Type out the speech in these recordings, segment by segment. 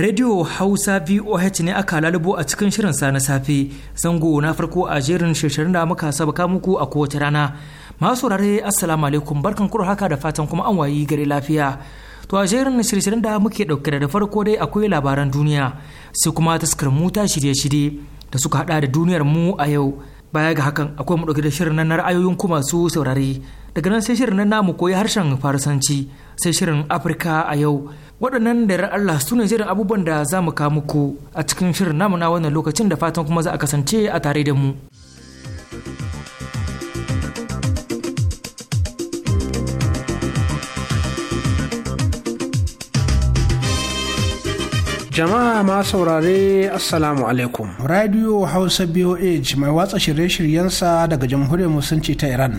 Radio Hausa VOH ne aka lalubo a cikin shirin sa na safe zango na farko a jerin shirin da muka sabaka muku a kowace rana. Masu rare Assalamu alaikum barkan kuro haka da fatan kuma an wayi gari lafiya. To a jerin shirin da muke dauke da farko dai akwai labaran duniya sai kuma taskar mu ta shirye-shirye da suka hada da duniyar mu a yau. Baya ga hakan akwai mu dauke da shirin na ra'ayoyin kuma su saurare. daga nan sai shirin na namu koyi harshen farisanci sai shirin afirka a yau waɗannan da Allah su ne shirin abubuwan da za mu kawo muku a cikin shirin namu na wannan lokacin da fatan kuma za a kasance a tare da mu. jama'a ma saurare assalamu alaikum radio hausa boh mai watsa shirye-shiryensa daga jamhuriyar musulunci ta iran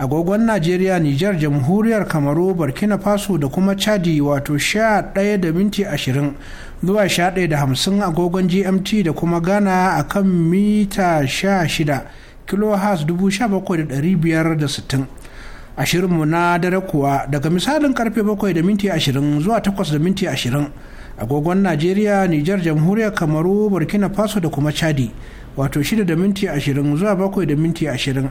agogon najeriya niger jamhuriyar kamaru burkina faso da kuma chadi wato sha ɗaya da minti ashirin zuwa sha ɗaya da hamsin agogon gmt da kuma ghana a kan mita sha shida dubu sha bakwai da sittin ashirinmu na dare kuwa daga misalin karfe bakwai da minti ashirin zuwa takwas da minti ashirin agogon najeriya niger jamhuriyar kamaru burkina faso da kuma chadi wato shida da minti ashirin zuwa bakwai da minti ashirin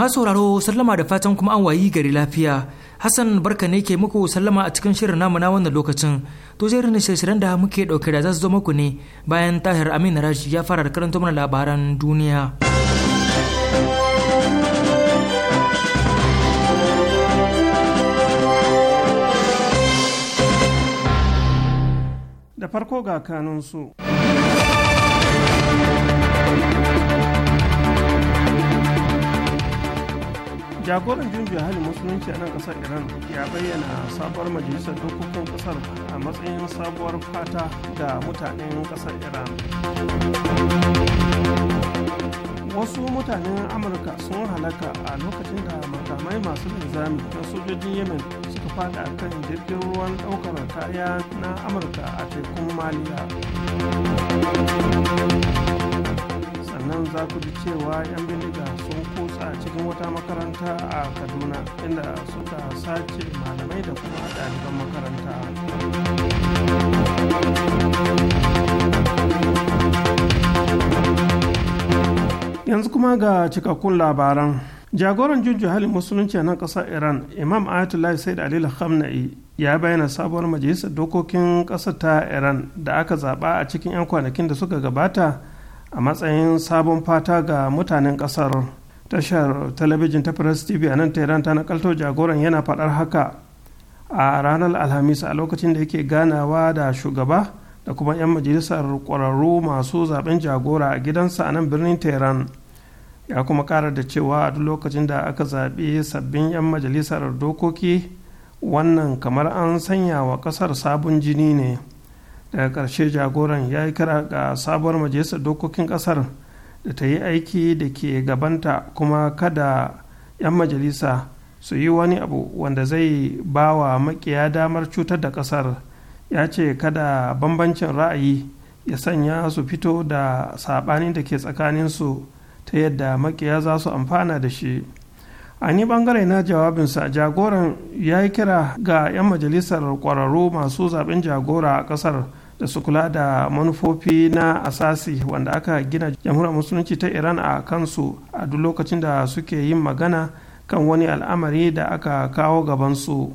masu sauraro sallama da fatan kuma an wayi gari lafiya hassan barka ne ke muku sallama a cikin shirin namu na wannan lokacin to jerin shirin da muke dauke da za su zo muku ne bayan tahir amin raji ya fara da karanta mana labaran duniya da farko ga kanunsu. su jagoran junju halin musulunci a nan kasar iran ya bayyana sabuwar majalisar dokokin kasar a matsayin sabuwar fata da mutanen kasar iran wasu mutanen amurka sun halaka a lokacin da makamai masu linzami na sojojin yemen suka fada kan jirgin ruwan daukar kaya na amurka a tekun maliya sannan za ku ji cewa 'yan bindiga cikin wata makaranta a kaduna inda suka sace malamai da kuma ɗaliban makaranta yanzu kuma ga cikakkun labaran jagoran junju halin musulunci a nan ƙasar iran imam ayatollah said alil khamna'i ya bayyana sabuwar majalisar dokokin ƙasar ta iran da aka zaɓa a cikin 'yan kwanakin da suka gabata a matsayin sabon fata ga mutanen ƙasar tashar talabijin ta press tv a nan tehran ta nakalto jagoran yana faɗar haka a ranar alhamis a lokacin da yake ganawa da shugaba da kuma 'yan majalisar ƙwararru masu zaben jagora a gidansa a nan birnin tehran ya kuma ƙara da cewa a duk lokacin da aka zaɓi sabbin 'yan majalisar dokoki wannan kamar an sanya wa ƙasar sabon jini ne daga ƙarshe jagoran ya yi kira ga sabuwar majalisar dokokin ƙasar da ta yi aiki da ke gabanta kuma kada 'yan majalisa su yi wani abu wanda zai ba wa makiya damar cutar da ƙasar ya ce kada bambancin ra'ayi ya sanya su fito da saɓani da ke tsakaninsu ta yadda makiya za su amfana da shi a ni bangare na jawabinsa jagoran ya yi kira ga 'yan majalisar ƙwararru masu zaben jagora a ƙasar da su kula da manufofi na asasi wanda aka gina jamhuriyar musulunci ta iran a kansu a duk lokacin da suke yin magana kan wani al'amari da aka kawo gabansu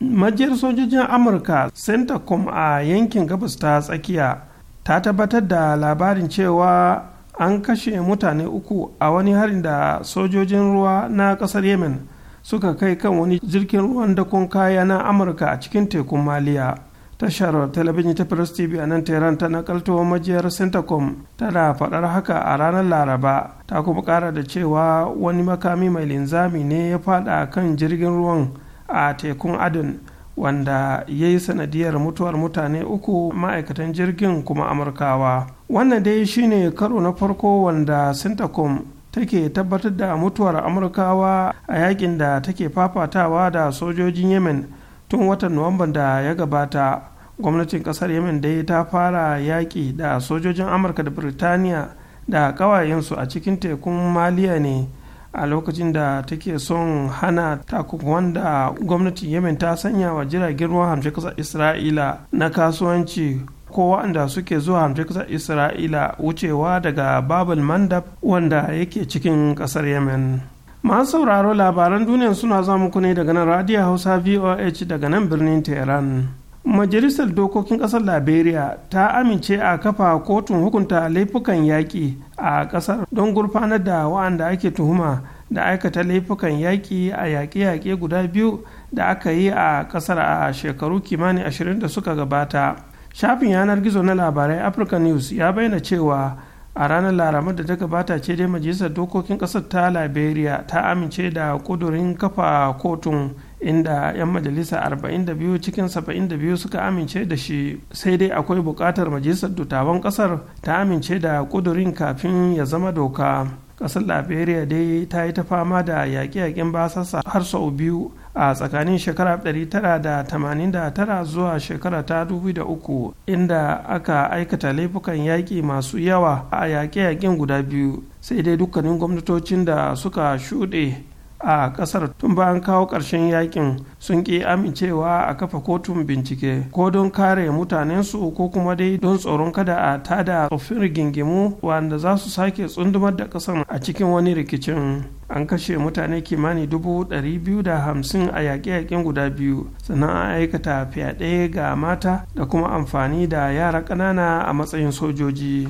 majiyar sojojin amurka centacom a yankin gabas ta tsakiya ta tabbatar da labarin cewa an kashe mutane uku a wani harin da sojojin ruwa na kasar yemen suka kai kan wani jirgin ruwan dakon kaya na amurka a cikin tekun maliya tashar talabijin ta press tv a nan tehran ta nakalto majiyar centacom tana faɗar haka a ranar laraba ta kuma ƙara da cewa wani makami mai linzami ne ya faɗa kan jirgin ruwan a tekun adin wanda ya yi sanadiyar mutuwar mutane uku ma'aikatan jirgin kuma amurkawa wannan dai shine karo na farko wanda centacom take tabbatar da mutuwar amurkawa a yakin da take fafatawa da sojojin yemen tun watan nuwamban da ya gabata gwamnatin kasar yemen dai ta fara yaƙi da sojojin amurka da birtaniya da ƙawayensu a cikin tekun maliya ne a lokacin da take son hana takunkuman da gwamnatin yemen ta sanya wa jiragen ruwa hamshe kasar isra'ila na kasuwanci ko waɗanda suke zuwa hamshe kasar isra'ila wucewa daga babal mandab wanda yake cikin ƙasar yemen masu sauraro labaran duniya suna za muku ne daga nan radio hausa voh daga nan birnin tehran majalisar dokokin kasar liberia ta amince a kafa kotun hukunta laifukan yaƙi a ƙasar, don gurfanar da wa'anda ake tuhuma da aikata laifukan yaƙi a yaƙe-yaƙe guda biyu da aka yi a ƙasar a shekaru kimanin ashirin da suka gabata shafin yanar gizo na labarai africa news ya bayyana cewa a ranar laramar da ta gabata ce dai majalisar dokokin kasar ta liberia ta amince da kudurin kafa kotun inda 'yan majalisa 42 cikin 72 suka amince da shi sai dai akwai bukatar majalisar dutawan kasar ta amince da kudurin kafin ya zama doka kasar liberia dai ta yi ta fama da yaƙe-yaƙen basasa har sau biyu a tsakanin shekara 1989 zuwa shekara ta 2003 inda aka aikata laifukan yaƙi masu yawa a yaƙe-yaƙen guda biyu sai dai dukkanin gwamnatocin da suka shuɗe a kasar tun ba an kawo ƙarshen yakin sun ƙi amincewa a kafa kotun bincike ko don kare mutanensu ko kuma dai don tsoron kada a tada tsoffin rigingimu wanda za su sake tsundumar da ƙasar a cikin wani rikicin an kashe mutane kimani dubu ɗari biyu da hamsin a yaƙe-yaƙen guda biyu sannan an aikata fyaɗe ga mata da kuma amfani da yara ƙanana a matsayin sojoji.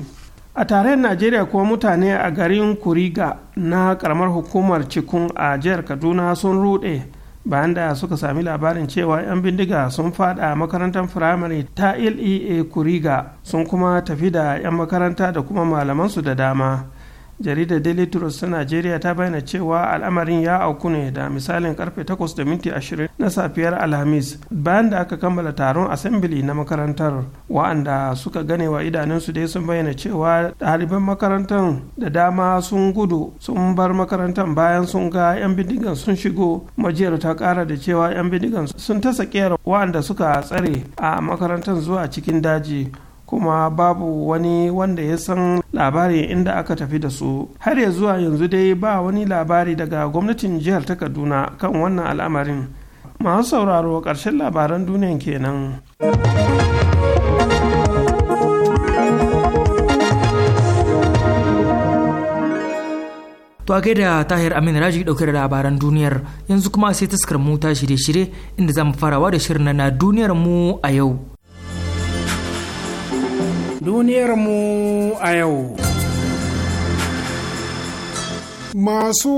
a tarayyar najeriya kuma mutane a garin kuriga na karamar hukumar cikun a jihar kaduna sun rude bayan da suka sami labarin cewa 'yan bindiga sun fada makarantar firamare ta lea kuriga sun kuma tafi da 'yan makaranta da kuma malamansu da dama jaridar daily trust ta najeriya ta bayyana cewa al'amarin ya auku ne da misalin karfe 8:20 na safiyar alhamis bayan da aka kammala taron assembly na makarantar wa'anda suka gane wa idanunsu dai sun bayyana cewa ɗaliban makarantar da dama sun gudu sun bar makarantar bayan sun ga 'yan bindigan sun shigo majiyar ta kara da cewa 'yan bindigan sun ta sakiyar wa'anda suka tsare a makarantar zuwa cikin daji kuma babu wani wanda ya san labari inda aka tafi da su har ya zuwa yanzu dai ba wani labari daga gwamnatin jihar ta kaduna kan wannan al'amarin masu sauraro ƙarshen labaran duniyan kenan. To da Tahir Amin Raji dauke da labaran duniyar yanzu kuma sai taskar mu ta shirye-shirye inda zamu farawa da shirin na duniyar mu a yau. duniyarmu a yau. Masu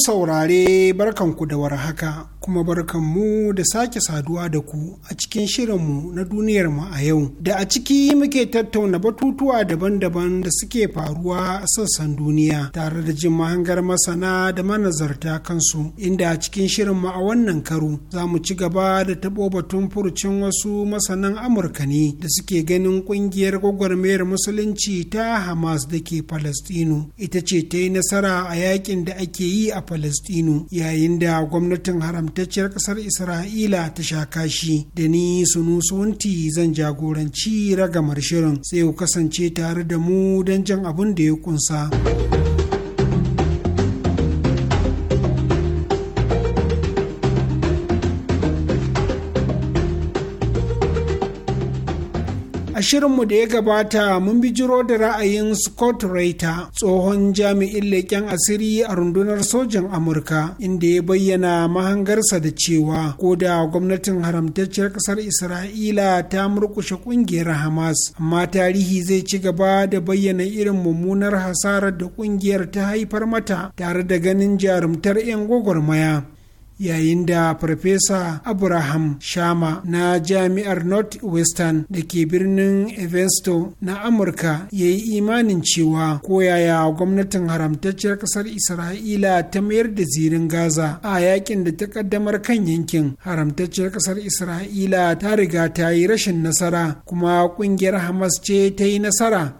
saurare barkanku da warhaka. haka. kuma barkanmu da sake saduwa da ku a cikin shirinmu na duniyar mu a yau da a ciki muke tattauna batutuwa daban-daban da suke faruwa a sassan duniya tare da jin mahangar masana da manazarta kansu inda a cikin shirin mu a wannan karu. za mu ci gaba da taɓo batun furucin wasu masanan amurka ne da suke ganin ƙungiyar gwagwarmayar musulunci ta hamas da ke palestino ita ce ta yi nasara a yakin da ake yi a palestino yayin da gwamnatin haramta fitacciyar ƙasar isra'ila ta sha kashi da ni sunusunti zan jagoranci ragamar shirin sai ku kasance tare da mu don jan abin da ya kunsa. A shirinmu da ya gabata mun bi jiro da ra'ayin Scott Reiter tsohon jami'in leƙen asiri a rundunar sojan Amurka inda ya bayyana mahangarsa da cewa ko da gwamnatin haramtacciyar ƙasar Isra'ila ta murkushe ƙungiyar Hamas amma tarihi zai ci gaba da bayyana irin mummunar hasarar da ƙungiyar ta haifar mata tare da ganin jarumtar 'yan gwagwarmaya. yayin da farfesa abraham shama na jami'ar northwestern da ke birnin evanston na amurka ya yi imanin cewa koyaya gwamnatin haramtacciyar kasar isra'ila ta mayar da zirin gaza a yakin da ta kaddamar kan yankin haramtacciyar kasar isra'ila ta riga ta yi rashin nasara kuma ƙungiyar hamas ce ta yi nasara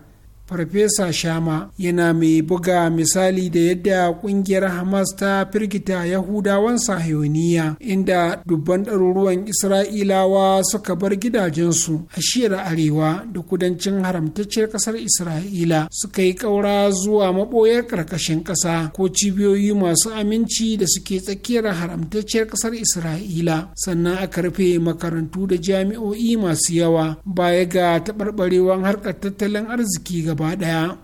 farfesa shama yana mai buga misali da yadda kungiyar hamas ta firgita yahudawan sahiyoniya inda dubban ɗaruruwan isra'ilawa suka bar gidajensu a shiyar arewa da kudancin haramtacciyar ƙasar isra'ila suka yi ƙaura zuwa maɓoyar ƙarƙashin ƙasa ko cibiyoyi masu aminci da suke tsakiyar haramtacciyar ƙasar isra'ila sannan aka rufe makarantu da jami'o'i masu yawa baya ga taɓarɓarewar harkar tattalin arziki gaba gaba ɗaya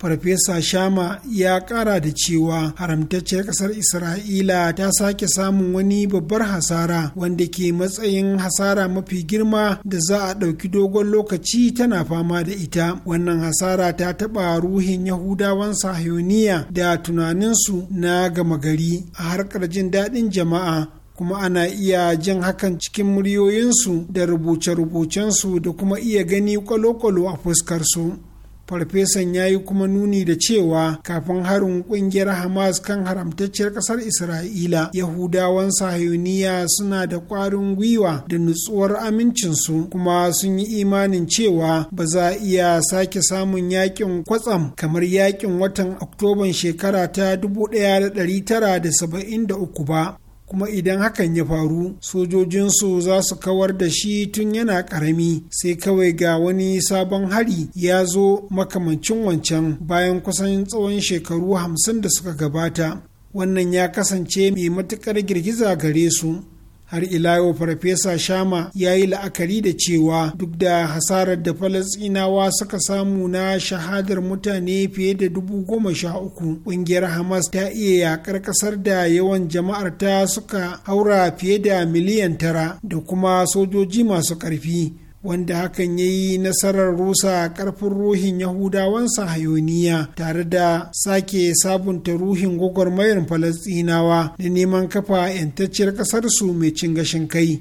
farfesa shama ya kara da cewa haramtacciyar ƙasar isra'ila ta sake samun wani babbar hasara wanda ke matsayin hasara mafi girma da za a ɗauki dogon lokaci tana fama da ita wannan hasara ta taɓa ruhin yahudawan Sahioniya da tunaninsu na gama gari a harkar jin daɗin jama'a kuma ana iya jin hakan cikin muryoyinsu da rubuce-rubucensu da kuma iya gani kwalo-kwalo a fuskarsu. farfesan ya yi kuma nuni da cewa kafin harin kungiyar hamas kan haramtacciyar kasar isra'ila yahudawan sahuniya suna da kwarin gwiwa da nutsuwar amincinsu kuma sun yi imanin cewa ba za a iya sake samun yakin kwatsam kamar yakin watan oktoban shekara ta 1973 ba kuma idan hakan ya faru sojojinsu za su kawar da shi tun yana ƙarami sai kawai ga wani sabon hari ya zo makamancin wancan bayan kusan tsawon shekaru hamsin da suka gabata wannan ya kasance mai matuƙar girgiza gare su har ila yau farfesa shama ya yi la'akari da cewa duk da hasarar da falasinawa suka samu na shahadar mutane fiye da dubu goma sha uku ƙungiyar hamas ta iya yakar ƙasar da yawan jama'ar ta suka haura fiye da miliyan tara da kuma sojoji masu ƙarfi wanda hakan ya yi nasarar rusa karfin ruhin yahudawan sahayoniya tare da sake sabunta ruhin gwagwarmayar falasɗinawa na neman kafa 'yantacciyar ƙasarsu mai cin gashin kai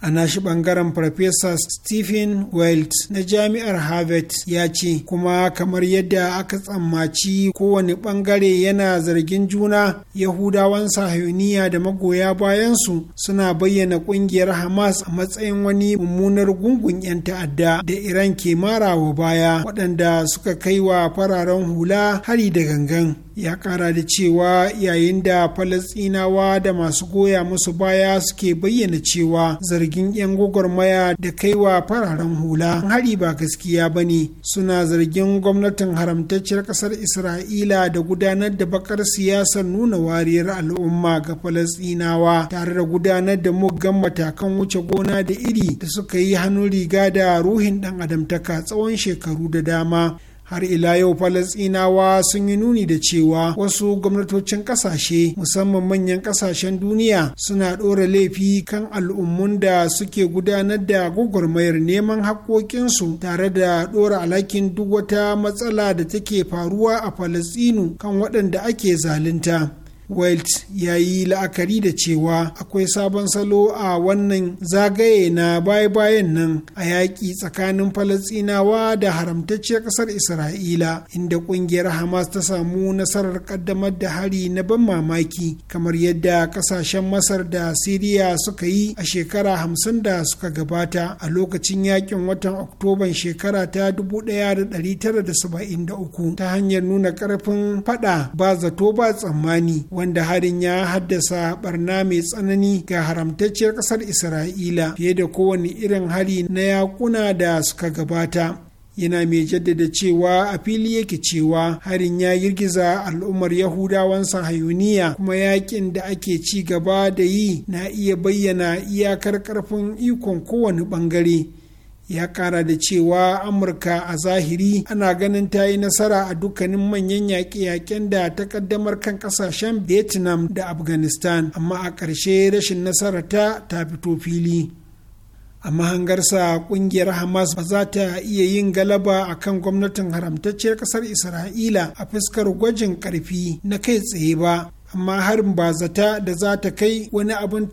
a nashi bangaren farfesa stephen wild na jami'ar harvard ya ce kuma kamar yadda aka tsammaci kowane bangare yana zargin juna yahudawan sahiyoniya da magoya bayansu suna bayyana kungiyar hamas a matsayin wani mummunar gungun 'yan ta'adda da iran ke marawa baya waɗanda suka kai wa fararen hula hari da gangan ya kara da cewa yayin da falasinawa da masu goya musu baya suke bayyana cewa zargin 'yan gwagwarmaya da kaiwa fararen hula hari ba gaskiya ba ne suna zargin gwamnatin haramtacciyar ƙasar isra'ila da gudanar da bakar siyasar nuna wariyar al'umma ga falasinawa tare da gudanar da muggan matakan wuce gona da iri da suka yi hannun riga da ruhin ɗan adamtaka tsawon shekaru da dama har ila yau falasinawa sun yi nuni da cewa wasu gwamnatocin kasashe musamman manyan kasashen duniya suna ɗora laifi kan al'ummun da suke gudanar da gwagwarmayar neman haƙƙoƙinsu tare da ɗora alhakin duk wata matsala da take faruwa a falasinu kan waɗanda ake zalunta Welt ya yi la'akari da cewa akwai sabon salo a wannan zagaye na baya-bayan nan a yaƙi tsakanin Falasɗinawa da haramtacciyar ƙasar Isra'ila inda ƙungiyar Hamas ta samu nasarar ƙaddamar da hari na ban mamaki kamar yadda ƙasashen Masar da Siriya suka yi a shekara hamsin da suka gabata a lokacin yaƙin watan Oktoban shekara ta 1973 ta hanyar nuna ƙarfin faɗa ba zato ba tsammani wanda harin ya haddasa barna mai tsanani ga haramtacciyar ƙasar isra'ila fiye da kowane irin hari na yakuna da suka gabata yana mai jaddada cewa a fili yake cewa harin ya girgiza al'ummar yahudawan sahayuniya kuma yakin da ake ci gaba da yi na iya bayyana iyakar karfin ikon kowane bangare ya kara da cewa amurka a zahiri ana ganin ta yi nasara a dukkanin manyan yaƙe-yaƙen da ta kaddamar kan ƙasashen vietnam da afghanistan amma a ƙarshe rashin nasara ta fito fili a mahangarsa kungiyar hamas ba za ta iya yin galaba a kan gwamnatin haramtacciyar ƙasar isra'ila a fuskar gwajin ƙarfi na kai tsaye ba amma harin ba zata da za ta kai wani abin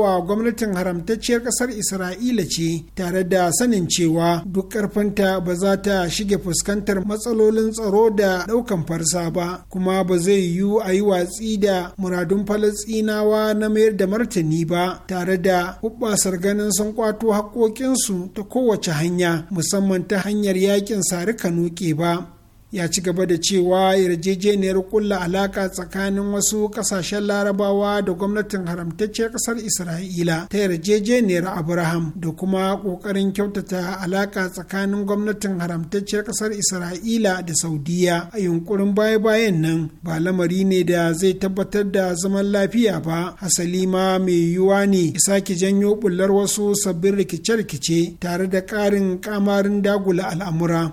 wa gwamnatin haramtacciyar ƙasar isra'ila ce tare da sanin cewa duk ƙarfinta ba za ta shige fuskantar matsalolin tsaro da ɗaukan farsa ba kuma ba zai yiwu a yi watsi da muradun falasɗinawa na mayar da martani ba tare da hubbasar ganin sun kwato haƙoƙinsu ta kowace hanya musamman ta hanyar yakin sari nuke ba ya ci gaba da cewa yarjejeniyar kulla alaka tsakanin wasu kasashen larabawa da gwamnatin haramtacciyar kasar isra'ila ta yarjejeniyar abraham da kuma kokarin kyautata alaka tsakanin gwamnatin haramtacciyar kasar isra'ila da saudiya a yunkurin baya-bayan nan ba lamari ne da zai tabbatar da zaman lafiya ba Asali ma mai yiwuwa ne sake janyo bullar wasu sabbin rikice-rikice tare da ƙarin kamarin dagula al'amura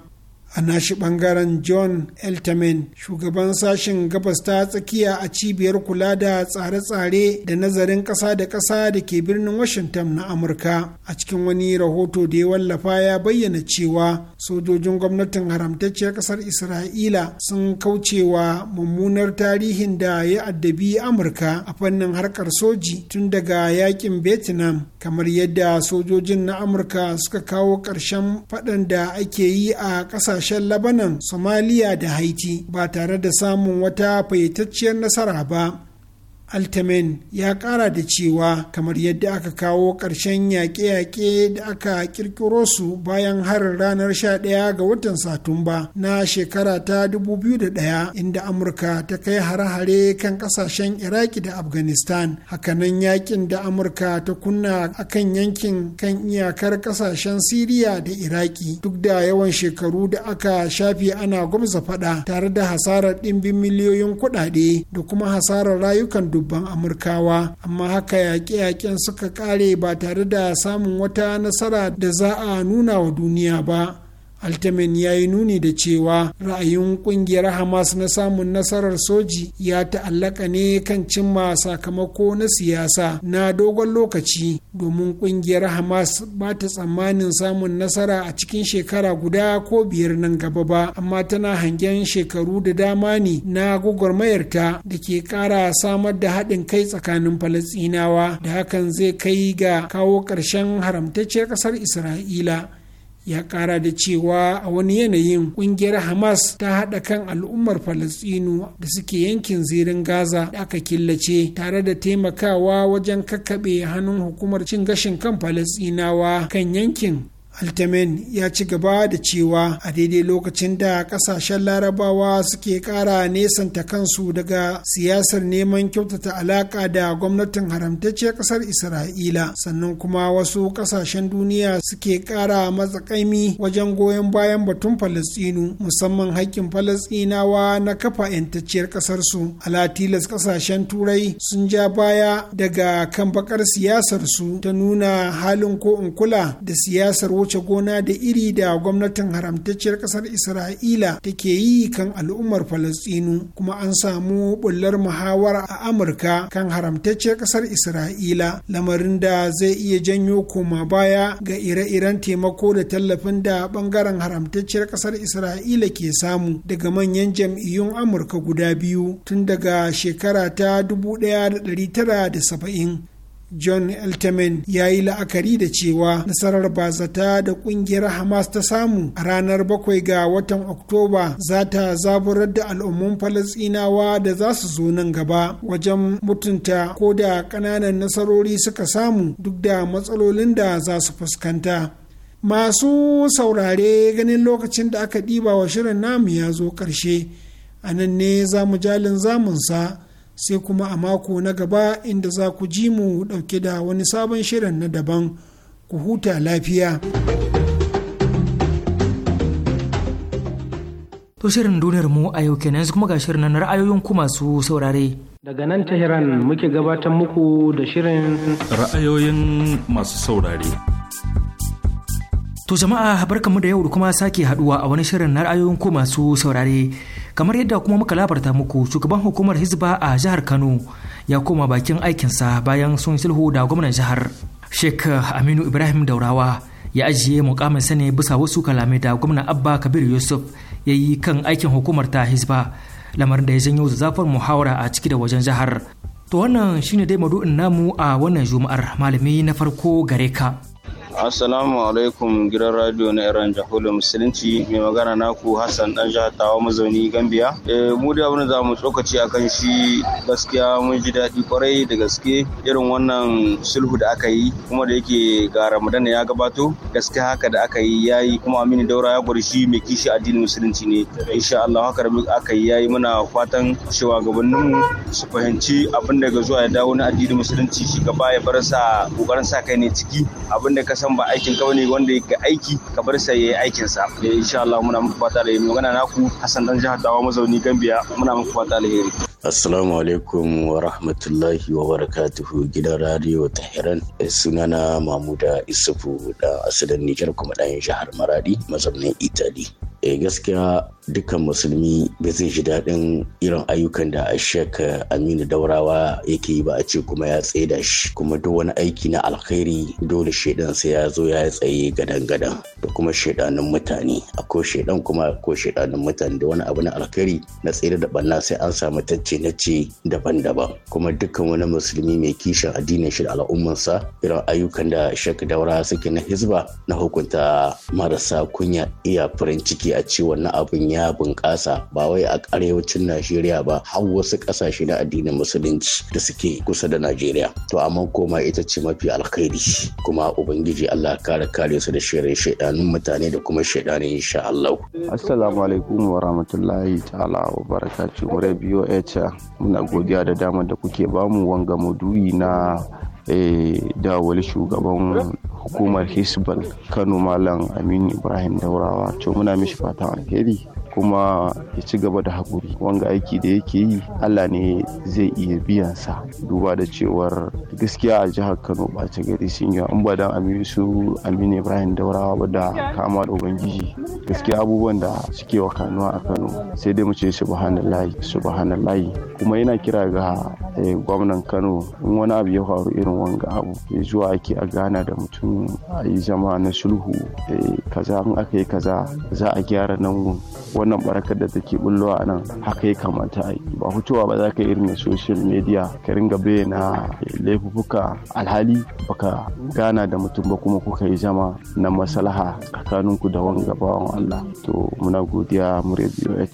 a nashi bangaren john eltamen shugaban sashen gabas ta tsakiya a cibiyar kula da tsare-tsare da nazarin ƙasa da ƙasa da ke birnin washington na amurka a cikin wani rahoto da ya wallafa ya bayyana cewa sojojin gwamnatin haramtacciyar ƙasar isra'ila sun kaucewa mummunar tarihin da ya addabi amurka a fannin harkar soji tun daga yakin vietnam kamar yadda sojojin na amurka suka kawo ƙarshen faɗan da ake yi a ƙasashen ƙasashen labanan somaliya da haiti ba tare da samun wata fayyatacciyar nasara ba Altamen ya kara da cewa kamar yadda aka kawo ƙarshen yaƙe-yaƙe da aka ƙirƙiro su bayan harin ranar 11 ga watan Satumba na shekara ta 2001 inda Amurka ta kai hare-hare kan ƙasashen Iraki da Afghanistan. Hakanan yaƙin da Amurka ta kunna a kan yankin kan iyakar ƙasashen Siriya da Iraki duk da yawan shekaru da aka shafi ana gwamza faɗa tare da hasarar ɗimbin miliyoyin kuɗaɗe da kuma hasarar rayukan dubban amurkawa amma haka yaƙe-yaƙen suka ƙare ba tare da samun wata nasara da za a nuna wa duniya ba altamen ya yi nuni da cewa ra'ayin kungiyar hamas na samun nasarar soji ya ta'allaka ne kan cimma sakamako na siyasa na dogon lokaci domin kungiyar hamas ba ta tsammanin samun nasara a cikin shekara guda ko biyar nan gaba ba amma tana hangen shekaru da dama ne na gwagwarmayarta da ke kara samar da haɗin kai tsakanin falasɗinawa da hakan zai kai ga kawo ƙarshen haramtacciyar ƙasar isra'ila ya kara da cewa a wani yanayin kungiyar hamas ta haɗa kan al'ummar falastinu da suke yankin zirin gaza da aka killace tare da taimakawa wajen kakkaɓe hannun hukumar cin gashin kan falastinawa kan yankin Altamen ya ci gaba da cewa a daidai lokacin da kasashen larabawa suke kara nesanta kansu daga siyasar neman kyautata alaka da gwamnatin haramtacciyar kasar Isra'ila sannan kuma wasu kasashen duniya suke kara matsakaimi wajen goyon bayan batun Falastinu musamman haƙƙin Falastinawa na kafa 'yantacciyar kasarsu. Alatilas kasashen Turai sun ja baya daga kan bakar su ta nuna halin ko in kula da siyasar wuce gona da iri da gwamnatin haramtacciyar ƙasar isra'ila take yi kan al'ummar falastinu kuma an samu bullar muhawara a amurka kan haramtacciyar ƙasar isra'ila lamarin da zai iya janyo koma baya ga ire-iren taimako da tallafin da ɓangaren haramtacciyar ƙasar isra'ila ke samu daga manyan jam'iyyun amurka guda biyu tun daga shekara ta 1970 john elteman ya yi la'akari da cewa nasarar bazata da kungiyar hamas ta samu a ranar bakwai ga watan oktoba za ta zaburar da al'ummun falasinawa da za su zo nan gaba wajen mutunta ko da ƙananan nasarori suka samu duk da matsalolin da za su fuskanta masu saurare ganin lokacin da aka ɗiba wa shirin namu ya zo ƙarshe a nan ne zamu jalin zamunsa sai kuma a mako na gaba inda za ku ji mu ɗauke da wani sabon shirin na daban ku huta lafiya. To shirin duniyar mu a yau kenan kuma ga shirin na ra'ayoyin ku masu saurare. Daga nan Tehran muke gabatar muku da shirin ra'ayoyin masu saurare. To jama'a barkanmu da yau da kuma sake haduwa a wani shirin na ra'ayoyin ko masu saurare. Kamar yadda kuma muka labarta muku shugaban hukumar Hizba a jihar Kano ya koma bakin aikinsa bayan sun sulhu da gwamnan jihar. Sheikh Aminu Ibrahim Daurawa ya ajiye mukamin sane bisa wasu kalamai da gwamnan Abba Kabir Yusuf ya yi kan aikin hukumar ta Hizba lamarin da ya janyo zafar muhawara a ciki da wajen jihar. To wannan shine dai madu'in namu a wannan juma'ar malami na farko gare ka. Assalamu alaikum gidan radio na Iran Jahulun Musulunci mai magana naku Hassan dan jihar Tawa mazauni Gambia. Eh, mu da abin za mu tsokaci akan kan shi gaskiya mun ji daɗi kwarai da gaske irin wannan sulhu da aka yi kuma da yake ga Ramadan ya gabato gaskiya haka da aka yi yayi kuma Aminu Daura ya gurshi shi mai kishi addinin musulunci ne. Insha Allah haka aka yi yayi muna fatan cewa mu su fahimci abin da ga zuwa ya dawo na addinin musulunci shi gaba ya bar sa kokarin sa kai ne ciki abin da ka san ba aikin ka bane wanda ka aiki ka bar sa yayi aikin sa eh, insha Allah muna muku fata da magana naku Hassan dan jihar Dawa mazauni Gambia muna muku fata alheri Assalamu alaikum wa rahmatullahi wa barakatuhu gidan radio Tahiran eh, sunana Mamuda Isufu da asalin Nijar kuma dan jihar Maradi mazaunin Italy eh gaskiya dukkan musulmi bai zai ji daɗin irin ayyukan da shek aminu daurawa yake yi ba a ce kuma ya tsaida shi kuma duk wani aiki na alkhairi dole shaidan sai ya zo ya tsaye gadan gadan da kuma shaidanin mutane akwai shaidan kuma akwai shaidanin mutane da wani abu na alkhairi na tsere da banna sai an samu tacce na ce daban-daban kuma dukkan wani musulmi mai kishin addinin shi da al'ummarsa irin ayyukan da shek daurawa suke na hizba na hukunta marasa kunya iya farin ciki a ce wannan abin ya bunƙasa ba wai a arewacin Najeriya ba har wasu ƙasashe na addinin musulunci da suke kusa da Najeriya. To amma koma ita ce mafi alkhairi kuma Ubangiji Allah kare kare su da shirin shaidanun mutane da kuma shaidanin insha Allah. Assalamu alaikum wa rahmatullahi ta'ala wa barakatuhu. Mure biyo muna godiya da damar da kuke bamu wanga mudu'i na Eh, da wani shugaban hukumar hisbal kano malam amin ibrahim daurawa to muna mishi fatan alheri kuma ya ci gaba da haƙuri wanga aiki da yake yi allah ne zai iya biyan sa duba da cewar gaskiya a jihar kano ɓace gari sun yi an ba dan aminu su aminu ibrahim daurawa ba da kama da ubangiji gaskiya abubuwan da suke wa kanuwa a kano sai dai mu ce subhanallahi subhanallahi kuma yana kira ga eh, gwamnan kano in wani abu ya faru irin wanga abu zuwa ake a gana da mutum a yi zama na sulhu eh, kaza in aka yi kaza za a gyara nan wannan barakar da take bullowa a nan haka ya kamata a yi ba hutuwa ba za ka irin na social media ka ringa bayyana laifuka alhali baka gana da mutum ba kuma kuka yi zama na maslaha tsakaninku da wani gabawan Allah to muna godiya mu radio a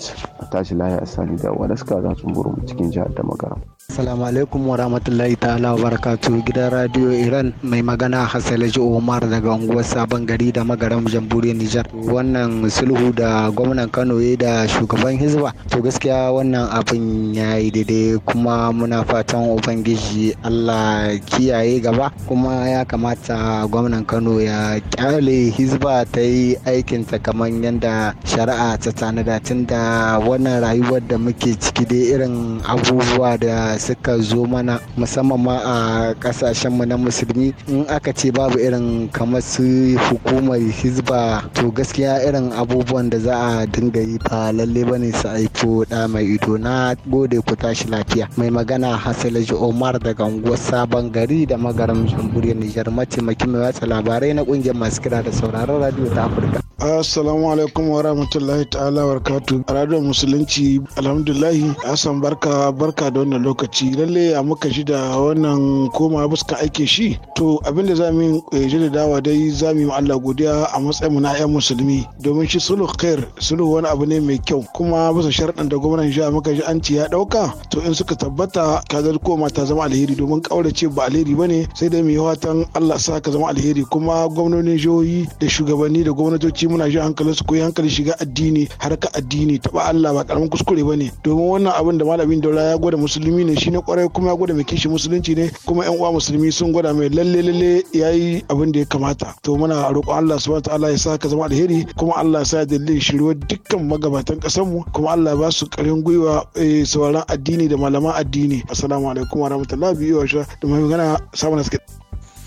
tashi lahiya sani da wadaska za su buru mu cikin jihar da magaram. Assalamu alaikum wa rahmatullahi ta'ala wa barakatu gidan radio Iran mai magana Hassanaji Umar daga unguwar Sabon Gari da Magaram Jamhuriyar Nijar. Wannan sulhu da gwamnan Kano ya da shugaban Hizba. To gaskiya wannan abin ya yi daidai kuma muna fatan Ubangiji Allah kiyaye gaba kuma ya kamata gwamnan Kano ya kyale Hizba ta yi aikinta kamar yadda shari'a ta tanada tun da wannan rayuwar da muke ciki dai irin abubuwa da suka zo mana musamman ma a kasashen mu na musulmi in aka ce babu irin kamar su hukumar hizba to gaskiya irin abubuwan da za a dinga yi ba lalle ba ne su aiko da mai ido na gode ku tashi lafiya mai magana hasalaji omar daga unguwar sabon gari da magaram jamhuriyar nijar mataimakin mai watsa labarai na kungiyar masu kira da sauraron radio ta afirka Assalamu alaikum wa rahmatullahi ta'ala wa barakatu. Radio Musulunci alhamdulahi Hassan barka barka da wannan lokaci. Lalle a muka shi da wannan koma buska aike shi. To abinda za mu yi eh, da dawa dai za mu yi Allah godiya a matsayin mu na ayyan musulmi domin shi sulhu khair sulhu wani abu ne mai kyau kuma bisa sharadin da gwamnatin jiha muka ji an ci ya ɗauka to in suka tabbata ka zai koma ta zama alheri domin ce ba alheri ba ne, sai dai mu yi watan Allah Saka zama alheri kuma gwamnonin jihohi da shugabanni da gwamnatoci muna shi hankalin su koyi hankali shiga addini harka addini ba Allah ba karamin kuskure bane domin wannan abin da malamin daura ya gwada musulmi ne shine kwarai kuma ya gwada mai kishi musulunci ne kuma yan uwa musulmi sun gwada mai lalle lalle yayi abin da ya kamata to muna roƙon Allah subhanahu ta'ala ya sa ka zama alheri kuma Allah ya sa dalilin shiruwa dukkan magabatan kasar mu kuma Allah ya ba su ƙarin gwiwa eh, sauran addini da malaman addini assalamu alaikum warahmatullahi wabarakatuh da mai magana samun suke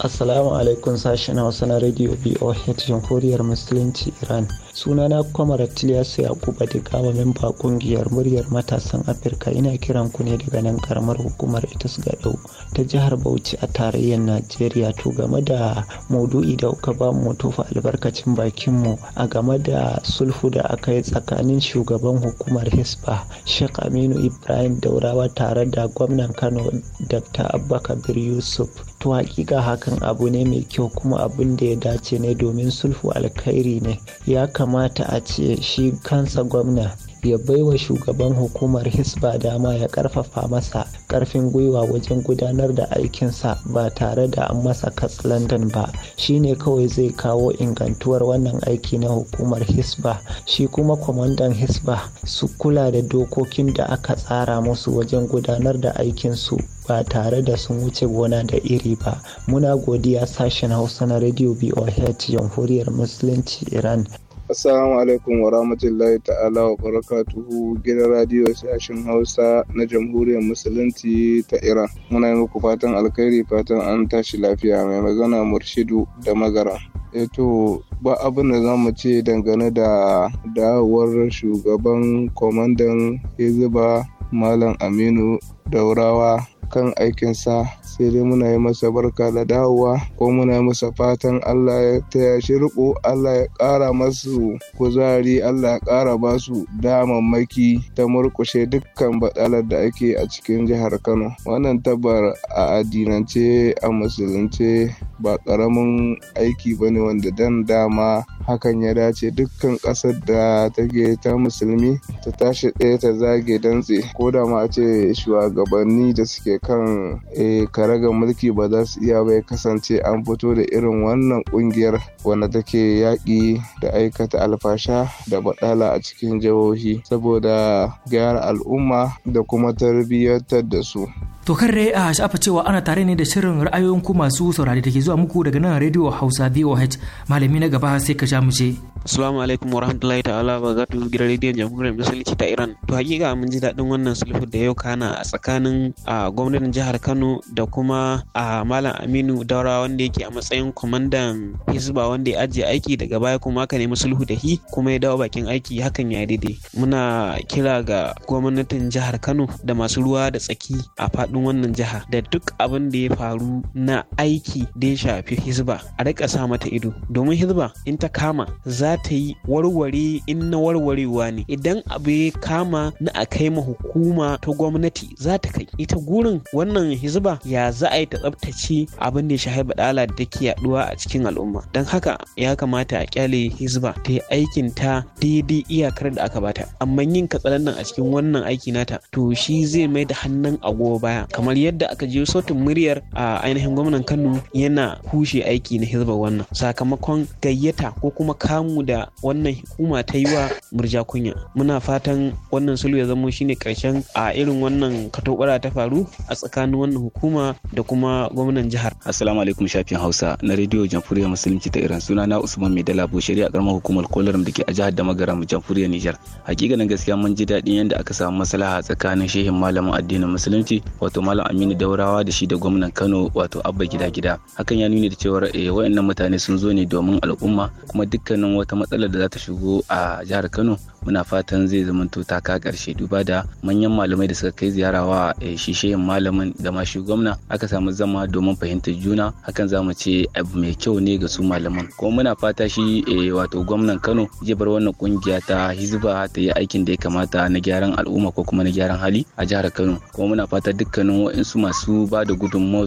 Assalamu alaikum sashen Hausa na Radio BOH Jamhuriyar Musulunci Iran. sunana kwamar tiliyasu yakuba da kama memba kungiyar muryar matasan afirka ina kiran ku ne daga nan karamar hukumar itas gadau ta jihar bauchi a tarayyar najeriya to game da maudu'i da uka ba mu tofa albarkacin bakin mu a game da sulhu da aka yi tsakanin shugaban hukumar hisba sheikh aminu ibrahim daurawa tare da gwamnan kano dr abba kabir yusuf to hakika hakan abu ne mai kyau kuma abin da ya dace ne domin sulhu alkhairi ne ya kamata a ce shi kansa gwamna ya baiwa shugaban hukumar hisba dama ya karfafa masa karfin gwiwa wajen gudanar da aikinsa ba tare da an masa katsalandan ba shi ne kawai zai kawo ingantuwar wannan aiki na hukumar hisba shi kuma kwamandan hisba su kula da dokokin da aka tsara musu wajen gudanar da aikinsu ba tare da sun wuce gona da iri ba muna godiya sashen hausa na radio boh jamhuriyar musulunci iran Assalamu alaikum wa rahmatullahi ta'ala wa barakatuhu gidan radiyo sashen Hausa na Jamhuriyar Musulunci ta Iran. Muna yi muku fatan alkhairi fatan an tashi lafiya mai magana Murshidu da Magara. Eto eh ba abin da za mu ce dangane da dawowar shugaban kwamandan Hizba Malam Aminu Daurawa kan aikinsa sai dai muna yi masa barka da dawowa ko muna yi masa fatan Allah ya taya shi riko Allah ya ƙara masu kuzari Allah ya ƙara ba su damammaki ta murƙushe dukkan batsalar da ake a cikin jihar Kano wannan tabbar a addinance a musulunce ba ƙaramin aiki ba ne wanda dan dama hakan ya dace dukkan ƙasar da take ta musulmi ta tashi ɗaya ta zage dantse ko da ma ce shugabanni da suke kan eh, karagar mulki ba za su iya bai kasance an fito da irin wannan kungiyar wanda take yaƙi da aikata alfasha da baɗala a cikin jihohi saboda gyara al'umma da kuma tarbiyyantar da su. To kan rai a shafa cewa ana tare ne da shirin ra'ayoyin ku masu saurari da ke zuwa muku daga nan rediyo Hausa VOH malami na gaba sai ka sha mu je. Assalamu alaikum warahmatullahi ta'ala wa gatu gidan rediyon jamhuriyar musulunci ta Iran. To hakika mun ji daɗin wannan sulhu da yau kana a tsakanin gwamnatin jihar Kano da kuma a Malam Aminu Daura wanda yake a matsayin kwamandan Hizba wanda ya ajiye aiki daga baya kuma aka nemi sulhu da hi kuma ya dawo bakin aiki hakan ya daidai. Muna kira ga gwamnatin jihar Kano da masu ruwa da tsaki a faɗin gwamnonin wannan jiha da duk abin da ya faru na aiki da ya shafi hizba a rika sa mata ido domin hizba in ta kama za ta yi warware in na warwarewa ne idan abu ya kama na a kai ma hukuma ta gwamnati za ta kai ita gurin wannan hizba ya za a yi ta tsabtace abin da ya shafi badala da take yaduwa a cikin al'umma don haka ya kamata a kyale hizba ta yi aikin ta daidai iyakar da aka bata amma yin katsalandan a cikin wannan aiki nata to shi zai mai da hannun agogo baya kamar yadda aka je sautin muryar a ainihin gwamnan Kano yana kushe aiki na hizba wannan sakamakon gayyata ko kuma kamu da wannan hukuma ta yi wa murja kunya muna fatan wannan sulhu ya zamo shine karshen a irin wannan katobara ta faru a tsakanin wannan hukuma da kuma gwamnan jihar assalamu alaikum shafin hausa na rediyo jamhuriyar musulunci ta iran suna na usman mai dala bushari a karamar hukumar kolaram da ke a jihar da magaram jamhuriyar nijar hakikanin gaskiya mun ji daɗin yadda aka samu maslaha tsakanin shehin malamin addinin musulunci wato malam aminu daurawa da shi da gwamnan kano wato abba gida gida hakan ya nuna da cewa eh, wayannan mutane sun zo ne domin al'umma kuma dukkanin wata matsalar da za ta shigo a jihar kano muna fatan zai zamanta ta ka karshe duba da manyan malamai da suka kai ziyara wa eh, shishiyin malamin da ma shi gwamna aka samu zama domin fahimtar juna hakan za mu ce abu mai kyau ne ga su malaman kuma muna fata shi eh, wato gwamnan kano zai bar wannan kungiya ta hizba ta yi aikin da ya kamata na gyaran al'umma ko kuma na gyaran hali a jihar kano kuma muna fata dukkanin wa'insu masu ba da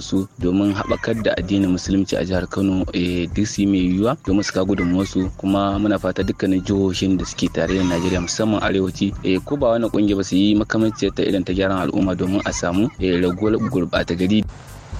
su domin haɓakar da addinin musulunci a jihar kano eh, duk su mai yiwuwa domin su ka gudunmawarsu kuma muna fata dukkanin jihohin da suke tare da najeriya musamman arewaci eh ko ba wani kungiya ba su yi makamanci ta irin ta gyaran al'umma domin a samu eh, raguwar gurbata gari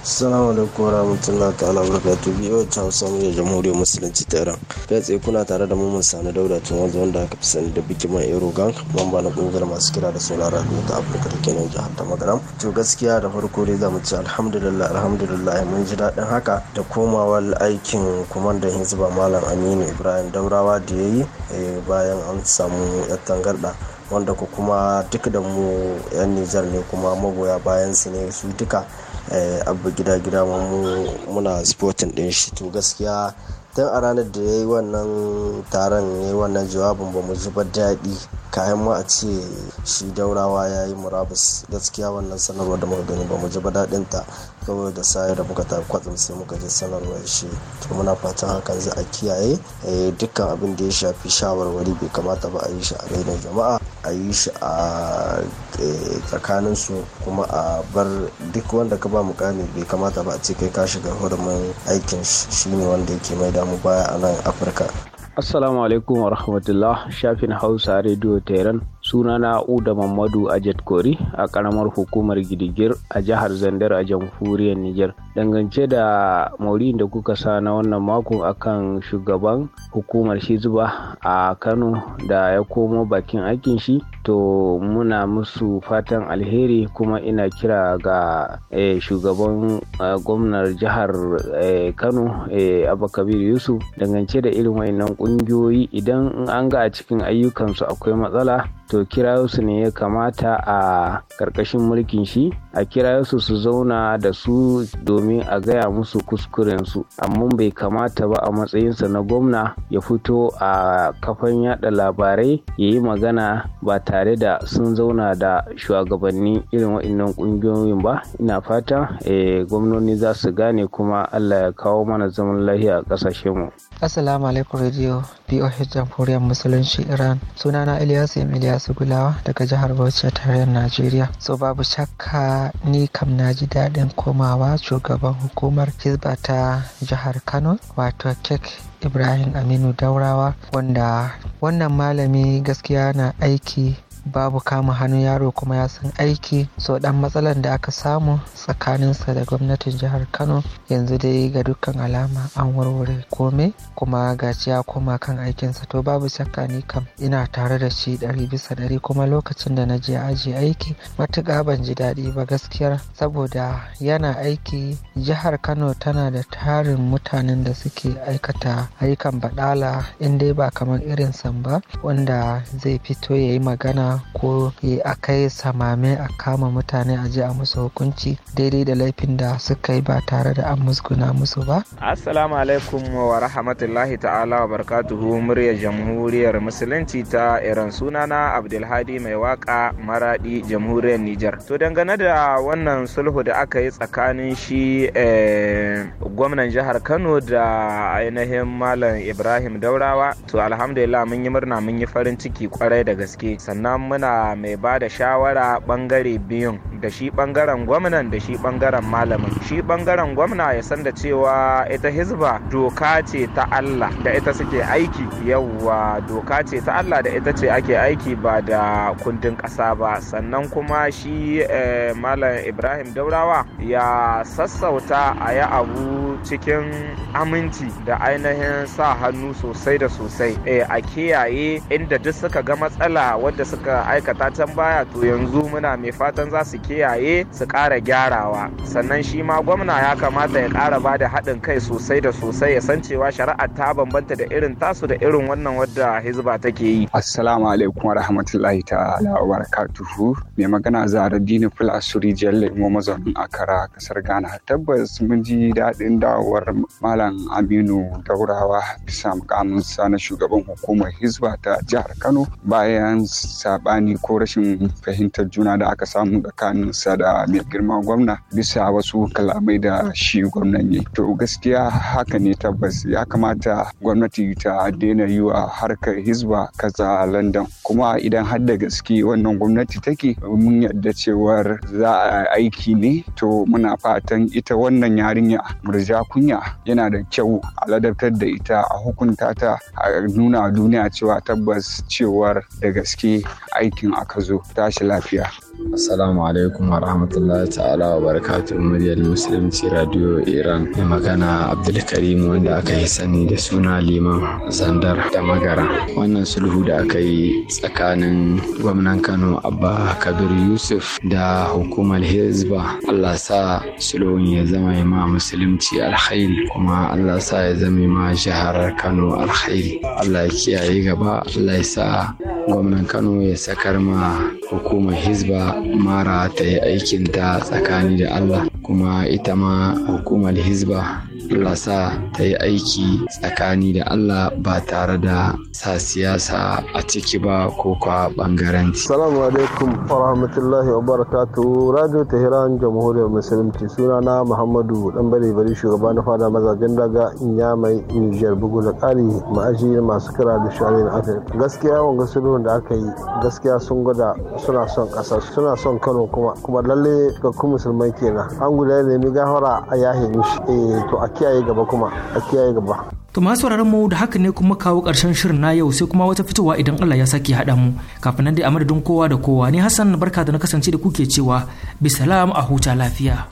Assalamu alaikum warahmatullahi ta'ala barakatu biyo ta Hausa da Jamhuriyar Musulunci ta Iran. Kai tsaye kuna tare da Mamman Sani Dauda tun wanzu wanda aka fi sani da bikin mai gang mamba na kungiyar masu kira da saurara radio ta Afirka da kenan jihar ta Magaram. To gaskiya da farko dai zamu ci alhamdulillah alhamdulillah mun ji daɗin haka da komawar aikin kwamandan Hizba Malam Aminu Ibrahim Daurawa da ya yi eh, bayan an samu yar tangarɗa wanda kuma duk da mu 'yan Nijar ne kuma magoya bayan su ne su duka Eh, abu gida gida muna sporting din shi to gaskiya tun a ranar da ya yi wannan taron ya yi wannan jawabin ba mu zubar daɗi kayan ma a ce shi daurawa ya yi murabus gaskiya wannan sanarwar da muka gani ba mu ji daɗinta kawai da sayar da muka tafi kwatsam sai muka ji sanarwar shi to muna fatan hakan za a kiyaye eh, dukkan abin da ya shafi shawarwari bai kamata ba a yi shi a bainar jama'a a yi shi a eh, tsakanin su kuma a bar duk wanda ka ba mukami bai kamata ba a ce kai ka shiga hurumin aikin shi ne wanda yake mai damu baya a nan afirka assalamu alaikum wa rahmatullah shafin hausa rediyo teran sunana uda mamadu a kori a karamar hukumar gidigir a jihar zandar a jamhuriyar niger dangance da maurin da kuka sa na wannan makon akan shugaban hukumar shi zuba a kano da ya komo bakin aikin shi to muna musu fatan alheri kuma ina kira ga eh, shugaban eh, gwamnar jihar eh, kano eh, kabir yusuf dangance da irin wayannan kungiyoyi idan an ga a cikin ayyukansu akwai matsala to kirawo ne ya kamata a ƙarƙashin mulkin shi a kira su su zauna da su domin a gaya musu kuskurensu amma bai kamata ba a matsayinsa na gwamna ya fito a kafan yada labarai ya yi magana ba tare da sun zauna da shugabanni irin waɗannan ƙungiyoyin ba ina fata eh, gwamnoni za su gane kuma allah ya kawo mana zaman lahiya a ƙasashenmu assalamu alaikum radio POH jamhuriyar musulunci iran sunana ilyasu ilyasu gulawa daga jihar bauchi tarayyar najeriya so babu shakka ni kam na ji daɗin komawa shugaban hukumar hizba ta jihar kano wato kek ibrahim aminu daurawa wanda wannan malami gaskiya na aiki babu kama hannun yaro kuma ya san aiki so dan matsalar da aka samu tsakaninsa da gwamnatin jihar kano yanzu dai ga dukkan alama an warware komai, kuma gaci ya koma kan aikinsa to babu shakka ni kam ina tare da shi ɗari bisa ɗari kuma lokacin da na je aji aiki matuƙa ban ji daɗi ba gaskiyar saboda yana aiki jihar kano tana da tarin mutanen da suke aikata aikan baɗala in dai ba kamar irinsa ba wanda zai fito ya yi magana ko a kai samame a kama mutane a je a musu hukunci daidai da laifin da suka yi ba tare da an musguna musu ba. Assalamu alaikum wa rahmatullahi ta'ala wa barkatuhu murya jamhuriyar musulunci ta Iran sunana Abdulhadi mai waka maradi jamhuriyar Nijar. To dangane da wannan sulhu da aka yi tsakanin shi eh, gwamnan jihar Kano da ainihin Malam Ibrahim Daurawa to alhamdulillah mun yi murna mun yi farin ciki kwarai da gaske sannan muna mai ba da shawara bangare biyun da shi bangaren gwamnan da shi bangaren malamin shi bangaren gwamna ya san da cewa ita hizba doka ce ta Allah da ita suke aiki yawwa doka ce ta Allah da ita ce ake aiki ba da kundin ƙasa ba sannan kuma shi eh, malam Ibrahim Daurawa ya sassauta a yi abu cikin aminci da ainihin sa hannu sosai da sosai eh, a kiyaye inda duk suka ga matsala wadda suka aikata can baya to yanzu muna mai fatan za su kiyaye su ƙara gyarawa sannan shi ma gwamna ya kamata ya ƙara ba da haɗin kai sosai da sosai ya san cewa shari'a ta bambanta da irin tasu da irin wannan wadda hizba take yi assalamu alaikum wa ta'ala wa barakatuhu mai magana a dini fulasuri jiyar lemo mazaunin akara kasar ghana tabbas mun ji daɗin da tsawar Malam Aminu Daurawa bisa mukaminsa na shugaban hukumar Hizba ta jihar Kano bayan sabani ko rashin fahimtar juna da aka samu tsakaninsa da mai girma gwamna bisa wasu kalamai da shi gwamnan yi. To gaskiya haka ne tabbas ya kamata gwamnati ta daina yi wa harkar Hizba kaza London kuma idan har da gaske wannan gwamnati take mun yadda cewar za a aiki ne to muna fatan ita wannan yarinya murja Takunya kunya yana da kyau a ladabtar da ita a hukunta ta a nuna duniya cewa tabbas cewar da gaske aikin aka zo tashi lafiya Assalamu alaikum wa rahmatullahi ta'ala wa barakatuh muryar musulunci radio Iran. Mai magana Abdulkarim wanda aka yi sani da suna Liman Zandar da Magara. Wannan sulhu da aka yi tsakanin gwamnan Kano Abba Kabir Yusuf da hukumar Hezba. Allah sa sulhun ya zama ma musulunci alkhairi kuma Allah sa ya zama ma jihar Kano alkhairi. Allah ya kiyaye gaba Allah ya sa gwamnan Kano ya sakar ma hukumar Hezba ta'ala mara ta yi aikin ta tsakani da Allah kuma ita ma hukumar hizba Allah sa ta yi aiki tsakani da Allah ba tare da sa siyasa a ciki ba ko kwa bangaranci. Salamu alaikum wa rahmatullahi wa barakatu Radio Tehran Jamhuriyar Musulunci sunana Muhammadu Dambare Bari bari shugaba na fada mazajen daga inya mai Nijar bugu da ƙari ma'aji masu kira da shari'ar Afirka. Gaskiya wanga sulhun da aka yi gaskiya sun gwada suna son ƙasa suna son kano kuma kuma lalle ga ku musulmai kenan an guda nemi gafara a yahe mishi eh to a kiyaye gaba kuma a kiyaye gaba to masu sauraron mu da haka ne kuma kawo karshen shirin na yau sai kuma wata fitowa idan Allah ya saki hada mu kafin nan dai a madadin kowa da kowa ni Hassan barka da na kasance da kuke cewa bisalam a huta lafiya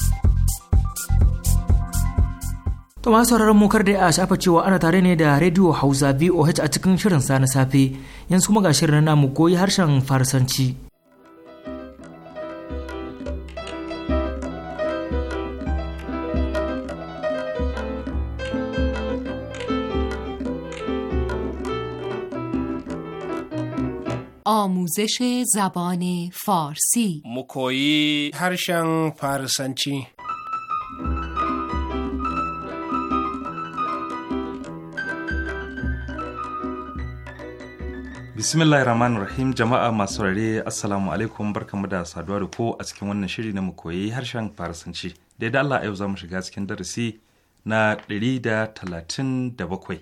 To masu sauraron mu kar da a shafa cewa ana tare ne da Radio Hausa VOH a cikin shirin sa na safe yanzu kuma ga shirin namu koyi harshen Farsanci. آموزش زبان فارسی harshen هرشن فارسنچی bismillahir rahmanir rahim jama'a masu saurare assalamu alaikum barkamu da saduwa da ko a cikin wannan shiri na mu koyi harshen farasanci da Allah yau za mu shiga cikin darasi na 137